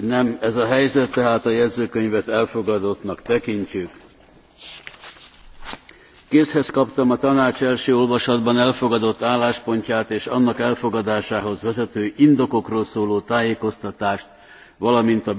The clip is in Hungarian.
nem ez a helyzet, tehát a jegyzőkönyvet elfogadottnak tekintjük. Készhez kaptam a tanács első olvasatban elfogadott álláspontját és annak elfogadásához vezető indokokról szóló tájékoztatást, valamint a